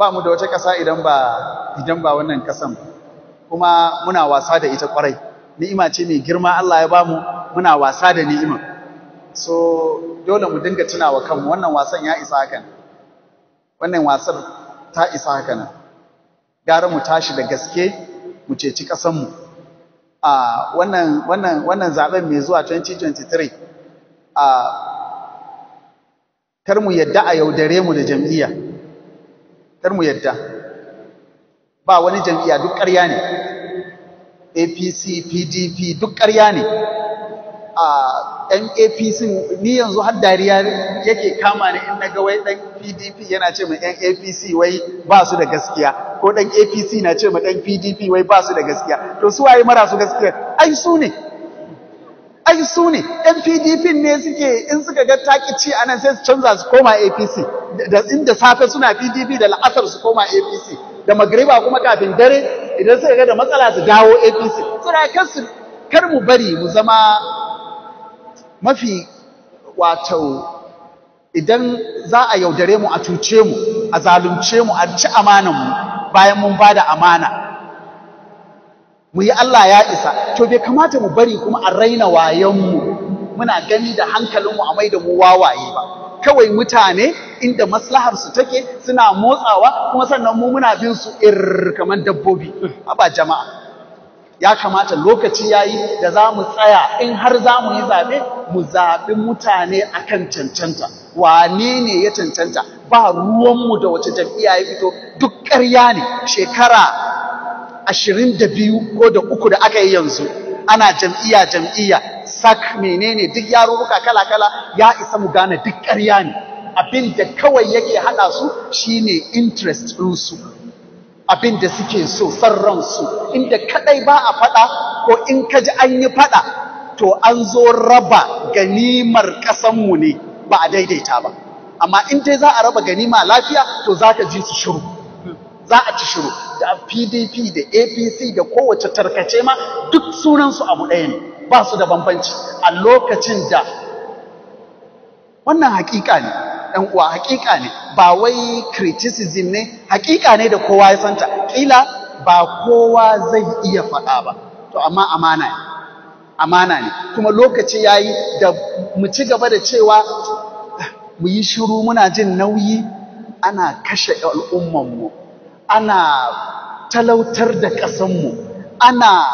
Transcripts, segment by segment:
ba mu da wata ƙasa idan ba idan ba wannan ƙasan kuma muna wasa da ita ƙwarai ni'ima ce mai girma Allah ya bamu muna wasa da ni'ima so dole mu dinga tunawa kanmu wannan wasan ya isa hakan wannan wasan ta isa hakan gara mu tashi da gaske mu ceci mu a wannan wannan wannan zaben mai zuwa 2023 a kar mu yadda a yaudare mu da jam'iyya kar mu yadda ba wani jam'iyya duk ƙarya ne APC PDP duk ƙarya ne a ɗan APC ni yanzu har dariya yake kama ni in naga wai ɗan PDP yana ce mu ɗan APC wai ba su da gaskiya ko ɗan APC na ce mu ɗan PDP wai ba su da gaskiya to su waye marasu gaskiya ai su ne ai su ne yan pdp ne suke in suka ga takici a nan sai su canza su koma apc da inda safe suna pdp da la'asar su koma apc da magriba kuma kafin dare idan suka ga da matsala su dawo apc suna kar kar mu bari mu zama mafi wato idan za a yaudare mu a cuce mu a zalunce mu a ci amanan mu bayan mun ba da amana mu yi Allah ya isa to bai kamata mu bari kuma a raina wayanmu muna gani da hankalinmu a da mu wawaye ba kawai mutane inda maslahar su take suna motsawa kuma sannan mu muna bin su irin kamar dabbobi ba jama'a ya kamata lokaci yayi da za mu tsaya in har za mu yi zaɓe mu zaɓi mutane akan cancanta wane ne ya cancanta ba ruwanmu da wace jam'iyya ya fito duk ƙarya ne shekara ashirin da biyu ko da uku da aka yi yanzu ana jam'iyya jam'iyya sak menene duk yarurruka kala kala ya isa mu gane duk karya ne abin da kawai yake haɗa su shine interest ɗinsu abin da suke so son ransu inda kaɗai ba a faɗa ko in ka ji an yi faɗa to an zo raba ganimar ƙasanmu ne ba a daidaita ba amma in dai za a raba ganima lafiya to za ka ji su shiru za a ci shiru da pdp da apc da kowace tarkace ma duk sunansu abu ɗaya ne ba su da bambanci a lokacin da wannan hakika ne ɗan uwa hakika ne ba wai criticism ne hakika ne da kowa ya santa kila ba kowa zai iya faɗa ba to amma amana ne amana ne kuma lokaci yayi da mu ci gaba da cewa mu yi shiru muna jin nauyi ana kashe al'ummanmu ana talautar da ƙasanmu ana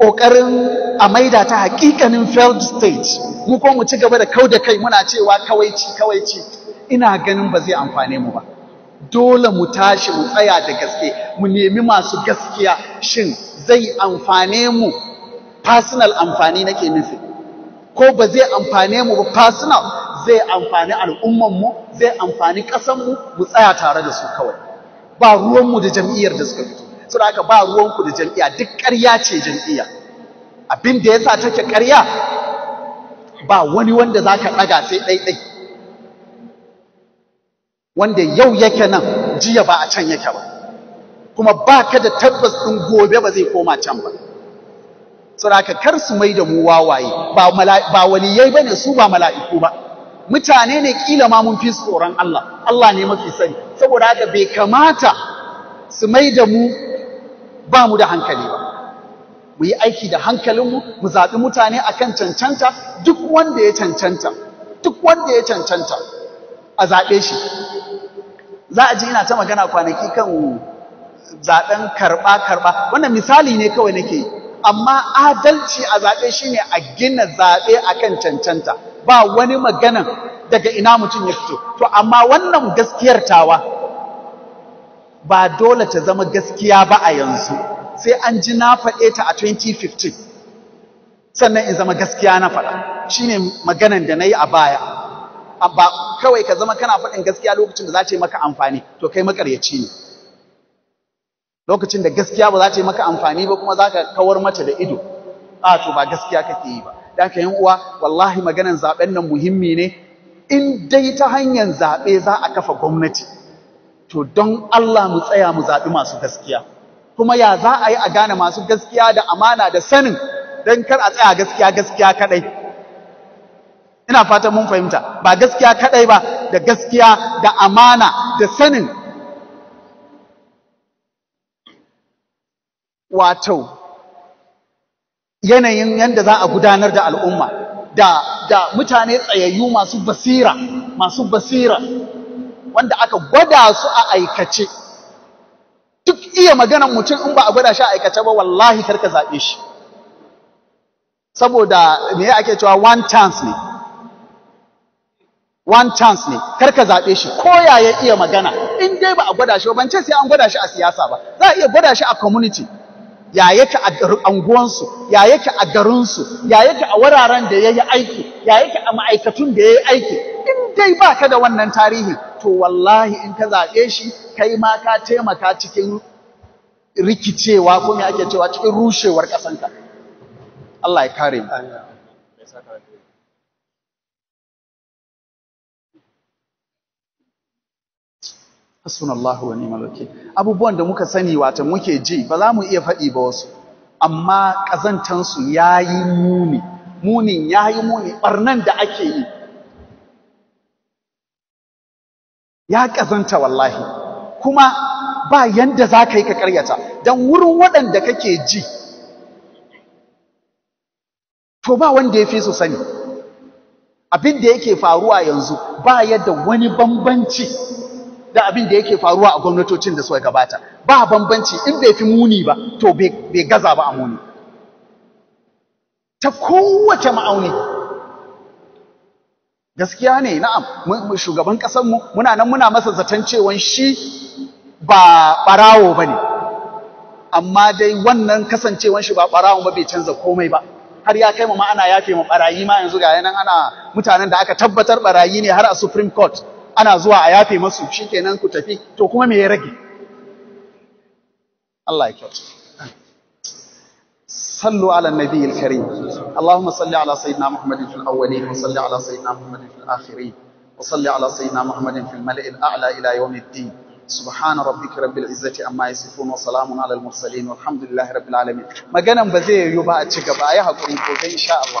ƙoƙarin a maida ta haƙiƙanin failed state mu ko mu ci gaba da kau da kai muna cewa kawai kawai ci ina ganin ba zai amfane mu ba dole mu tashi mu tsaya da gaske mu nemi masu gaskiya shin zai amfane mu personal amfani nake nufi ko ba zai amfane mu ba personal zai amfani al'ummanmu zai amfani ƙasanmu mu tsaya tare da su kawai ba ruwanmu da jam'iyyar da suka fito saboda haka ba ruwanku da jam'iyya duk ƙarya ce jam'iyya abin da yasa take ƙarya ba wani wanda zaka ɗaga sai ɗaiɗai wanda yau yake nan jiya ba a can yake ba kuma ba ka da tabbas ɗin gobe ba zai koma can ba saboda kar su mai da mu wawaye ba waliyai ba ne su ba mala'iku ba mutane ne kila ma mun fi tsoron Allah Allah ne mafi sani saboda haka bai kamata su mai da mu ba mu da hankali ba mu yi aiki da hankalinmu mu zaɓi mutane akan cancanta duk wanda ya cancanta duk wanda ya cancanta a zaɓe shi za a ji ina ta magana kwanaki kan zaɓen karɓa-karɓa wannan misali ne kawai nake amma adalci a zaɓe shine a gina zaɓe akan cancanta ba wani maganan daga ina mutum ya fito to amma wannan gaskiyar tawa ba dole ta zama gaskiya ba a yanzu sai an ji na faɗe ta a 2015 sannan in zama gaskiya na faɗa shine maganan da na yi a baya ba kawai ka zama kana faɗin gaskiya lokacin da za ta yi maka amfani to kai makaryaci ne lokacin da gaskiya ba za ta yi maka amfani ba kuma za ka kawar mata da ido a to ba gaskiya kake yi ba Daka yan uwa wallahi maganan zaben nan muhimmi ne in dai ta hanyar zabe za a kafa gwamnati to don Allah mu tsaya mu zabi masu gaskiya kuma ya za a yi a gane masu gaskiya da amana da sanin don kar a tsaya gaskiya gaskiya kadai ina fatan mun fahimta ba gaskiya kadai ba da gaskiya da amana da sanin wato yanayin yadda za a gudanar da al'umma da da mutane tsayayyu masu basira masu basira wanda aka gwada su a aikace duk iya maganar mutum in ba a gwada shi a aikace ba wallahi karka zaɓe shi saboda me ake cewa one chance ne one chance ne kar zaɓe shi ko ya iya magana in dai ba a gwada shi ba ban ce sai an gwada shi a siyasa ba za a iya gwada shi a community ya yake a anguwansu ya yake a garinsu ya yake a wuraren da yayi aiki ya yake a ma'aikatun da yayi aiki in dai ba ka da wannan tarihi to wallahi in ka zaɓe shi kai ma ka taimaka cikin rikicewa ko me ake cewa cikin rushewar kasanka Allah ya kare mu hasbunallahu wa ni'mal abubuwan da muka sani wata muke ji ba za mu iya faɗi ba wasu amma kazantan su yayi muni munin yayi muni barnan da ake yi ya ƙazanta wallahi kuma ba yanda za ka yi ka karyata don wurin waɗanda kake ji to ba wanda ya fi su sani abin da yake faruwa yanzu ba yadda wani bambanci da abin da yake faruwa a gwamnatocin da suka gabata ba bambanci in bai fi muni ba to bai gaza ba a muni ta kowace ma'auni gaskiya ne na'am shugaban kasar mu muna nan muna masa zaton cewa shi ba barawo ba ne amma dai wannan kasancewan shi ba barawo ba bai canza komai ba har ya kai mu ma ana yafe mu barayi ma yanzu ga yanan ana mutanen da aka tabbatar ɓarayi ne har a supreme court ana zuwa a yafe masu shikenan ku tafi to kuma me ya rage Allah ya kyautu صلوا على النبي الكريم اللهم صل على سيدنا محمد في الأولين وصل على سيدنا محمد في الآخرين وصل على سيدنا محمد في الملئ الأعلى إلى يوم الدين سبحان ربك رب العزة أما يصفون وسلام على المرسلين والحمد لله رب العالمين ما كان بزي يبقى تشكب آيها قريب إن شاء الله